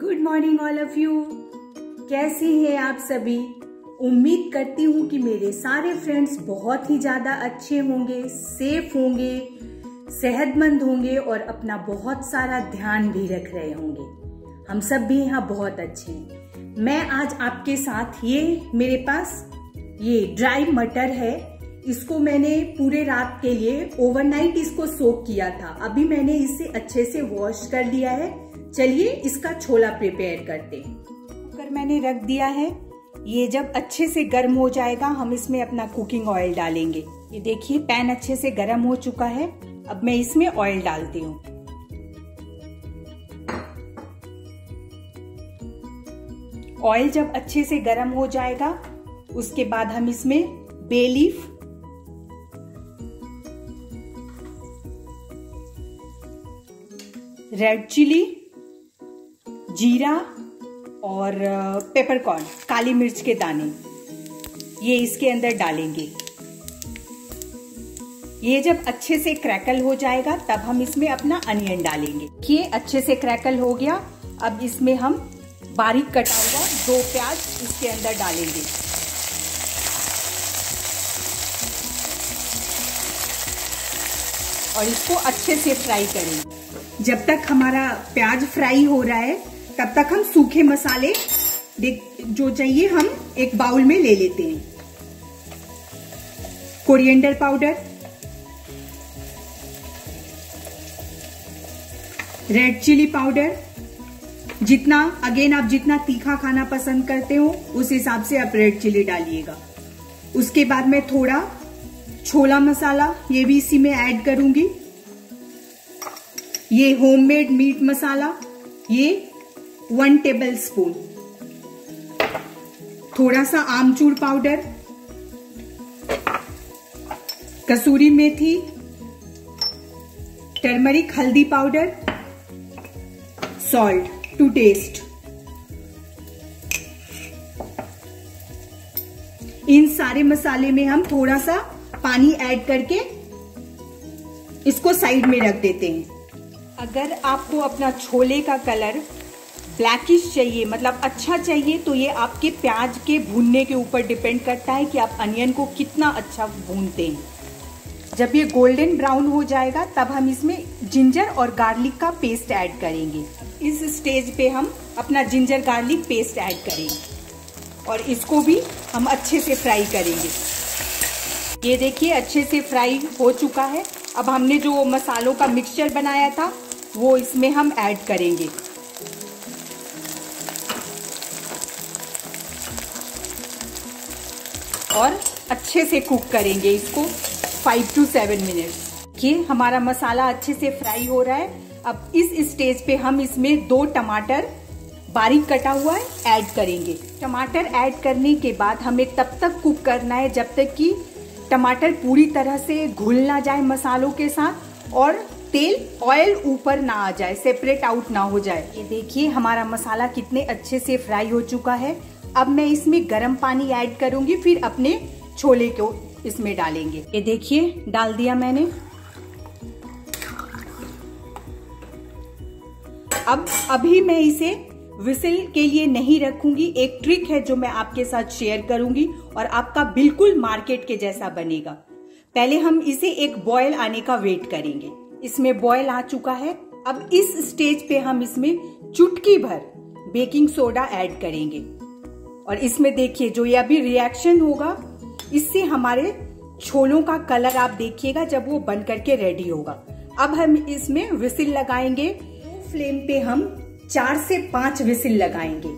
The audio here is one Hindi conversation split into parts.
good morning all of you कैसे हैं आप सभी उम्मीद करती हूँ कि मेरे सारे फ्रेंड्स बहुत ही ज्यादा अच्छे होंगे सेफ होंगे सेहतमंद होंगे और अपना बहुत सारा ध्यान भी रख रहे होंगे हम सब भी यहाँ बहुत अच्छे हैं मैं आज आपके साथ ये मेरे पास ये ड्राई मटर है इसको मैंने पूरे रात के लिए ओवरनाइट इसको सोक किया था अभी मैंने इसे अच्छे से वॉश कर लिया है चलिए इसका छोला प्रिपेयर करते हैं कुकर मैंने रख दिया है ये जब अच्छे से गर्म हो जाएगा हम इसमें अपना कुकिंग ऑयल डालेंगे ये देखिए पैन अच्छे से गर्म हो चुका है अब मैं इसमें ऑयल डालती हूँ ऑयल जब अच्छे से गर्म हो जाएगा उसके बाद हम इसमें बेलीफ रेड चिली जीरा और पेपरकॉर्न काली मिर्च के दाने ये इसके अंदर डालेंगे ये जब अच्छे से क्रैकल हो जाएगा तब हम इसमें अपना अनियन डालेंगे ये अच्छे से क्रैकल हो गया अब इसमें हम बारीक कटा हुआ दो प्याज इसके अंदर डालेंगे और इसको अच्छे से फ्राई करेंगे जब तक हमारा प्याज फ्राई हो रहा है तब तक हम सूखे मसाले जो चाहिए हम एक बाउल में ले लेते हैं coriander powder red chilli powder जितना अगेन आप जितना तीखा खाना पसंद करते हो उस हिसाब से आप रेड चिली डालिएगा उसके बाद मैं थोड़ा छोला मसाला ये भी इसी में ऐड करूंगी ये होममेड मीट मसाला ये वन टेबल स्पून थोड़ा सा आमचूर पाउडर कसूरी मेथी टर्मरिक हल्दी पाउडर सॉल्ट टू टेस्ट इन सारे मसाले में हम थोड़ा सा पानी ऐड करके इसको साइड में रख देते हैं अगर आपको अपना छोले का कलर ब्लैकिश चाहिए मतलब अच्छा चाहिए तो ये आपके प्याज के भूनने के ऊपर डिपेंड करता है कि आप अनियन को कितना अच्छा भूनते हैं जब ये गोल्डन ब्राउन हो जाएगा तब हम इसमें जिंजर और गार्लिक का पेस्ट ऐड करेंगे इस स्टेज पे हम अपना जिंजर गार्लिक पेस्ट ऐड करेंगे और इसको भी हम अच्छे से फ्राई करेंगे ये देखिए अच्छे से फ्राई हो चुका है अब हमने जो मसालों का मिक्सचर बनाया था वो इसमें हम ऐड करेंगे और अच्छे से कुक करेंगे इसको फाइव टू सेवन मिनट देखिए हमारा मसाला अच्छे से फ्राई हो रहा है अब इस स्टेज पे हम इसमें दो टमाटर बारीक कटा हुआ है ऐड करेंगे टमाटर ऐड करने के बाद हमें तब तक कुक करना है जब तक कि टमाटर पूरी तरह से घुल ना जाए मसालों के साथ और तेल ऑयल ऊपर ना आ जाए सेपरेट आउट ना हो जाए ये देखिए हमारा मसाला कितने अच्छे से फ्राई हो चुका है अब मैं इसमें गर्म पानी ऐड करूंगी फिर अपने छोले को इसमें डालेंगे ये देखिए डाल दिया मैंने अब अभी मैं इसे विसिल के लिए नहीं रखूंगी एक ट्रिक है जो मैं आपके साथ शेयर करूंगी और आपका बिल्कुल मार्केट के जैसा बनेगा पहले हम इसे एक बॉयल आने का वेट करेंगे इसमें बॉयल आ चुका है अब इस स्टेज पे हम इसमें चुटकी भर बेकिंग सोडा ऐड करेंगे और इसमें देखिए जो ये अभी रिएक्शन होगा इससे हमारे छोलों का कलर आप देखिएगा जब वो बन करके रेडी होगा अब हम इसमें विसिल लगाएंगे फ्लेम पे हम चार से पांच विसिल लगाएंगे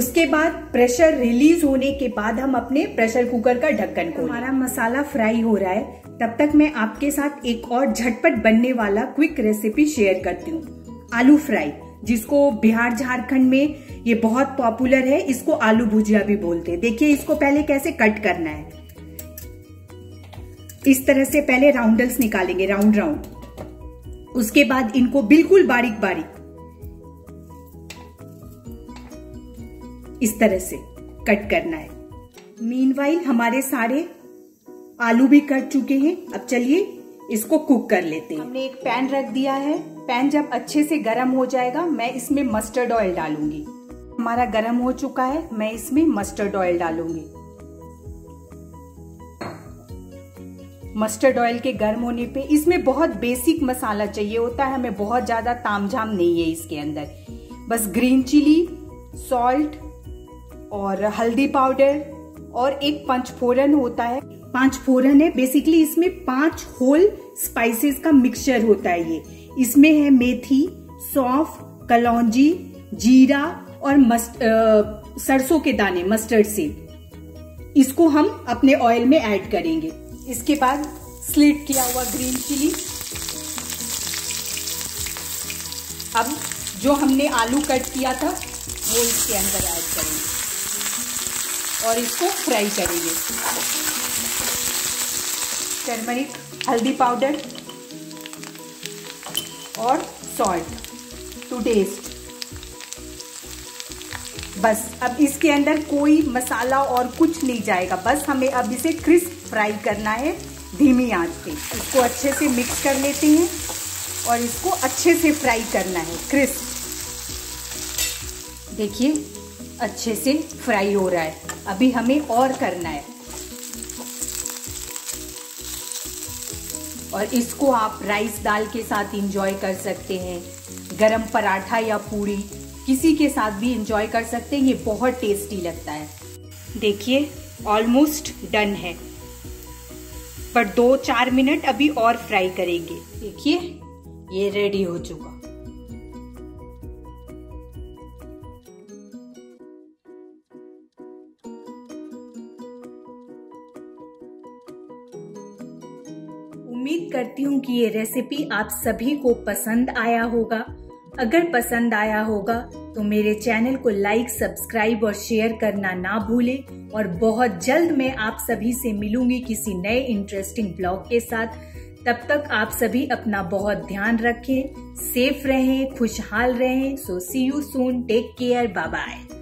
उसके बाद प्रेशर रिलीज होने के बाद हम अपने प्रेशर कुकर का ढक्कन को हमारा मसाला फ्राई हो रहा है तब तक मैं आपके साथ एक और झटपट बनने वाला क्विक रेसिपी शेयर करती हूँ आलू फ्राई जिसको बिहार झारखंड में ये बहुत पॉपुलर है इसको आलू भुजिया भी बोलते हैं देखिए इसको पहले कैसे कट करना है इस तरह से पहले राउंडल्स निकालेंगे राउंड राउंड उसके बाद इनको बिल्कुल बारीक बारीक इस तरह से कट करना है मीनवाइल हमारे सारे आलू भी कट चुके हैं अब चलिए इसको कुक कर लेते हैं हमने एक पैन रख दिया है पैन जब अच्छे से गर्म हो जाएगा मैं इसमें मस्टर्ड ऑयल डालूंगी हमारा गर्म हो चुका है मैं इसमें मस्टर्ड ऑयल डालूंगी मस्टर्ड ऑयल के गर्म होने पे इसमें बहुत बेसिक मसाला चाहिए होता है हमें बहुत ज्यादा तामझाम नहीं है इसके अंदर बस ग्रीन चिली सॉल्ट और हल्दी पाउडर और एक पंचफोरन होता है पांच फोरन है बेसिकली इसमें पांच होल स्पाइसेस का मिक्सचर होता है ये इसमें है मेथी सौफ कलौजी जीरा और मस्ट सरसों के दाने मस्टर्ड से इसको हम अपने ऑयल में ऐड करेंगे इसके बाद स्लिट किया हुआ ग्रीन चिली अब जो हमने आलू कट किया था वो इसके अंदर ऐड करेंगे और इसको फ्राई करेंगे टर्मरिक हल्दी पाउडर और सॉल्ट टू टेस्ट बस अब इसके अंदर कोई मसाला और कुछ नहीं जाएगा बस हमें अब इसे क्रिस्प फ्राई करना है धीमी आंच पे इसको अच्छे से मिक्स कर लेते हैं और इसको अच्छे से फ्राई करना है क्रिस्प देखिए अच्छे से फ्राई हो रहा है अभी हमें और करना है और इसको आप राइस दाल के साथ इंजॉय कर सकते हैं गरम पराठा या पूरी किसी के साथ भी इंजॉय कर सकते हैं ये बहुत टेस्टी लगता है देखिए ऑलमोस्ट डन है पर दो चार मिनट अभी और फ्राई करेंगे देखिए ये रेडी हो चुका करती हूँ कि ये रेसिपी आप सभी को पसंद आया होगा अगर पसंद आया होगा तो मेरे चैनल को लाइक सब्सक्राइब और शेयर करना ना भूले और बहुत जल्द मैं आप सभी से मिलूंगी किसी नए इंटरेस्टिंग ब्लॉग के साथ तब तक आप सभी अपना बहुत ध्यान रखें सेफ रहें खुशहाल रहें so see you soon take care bye bye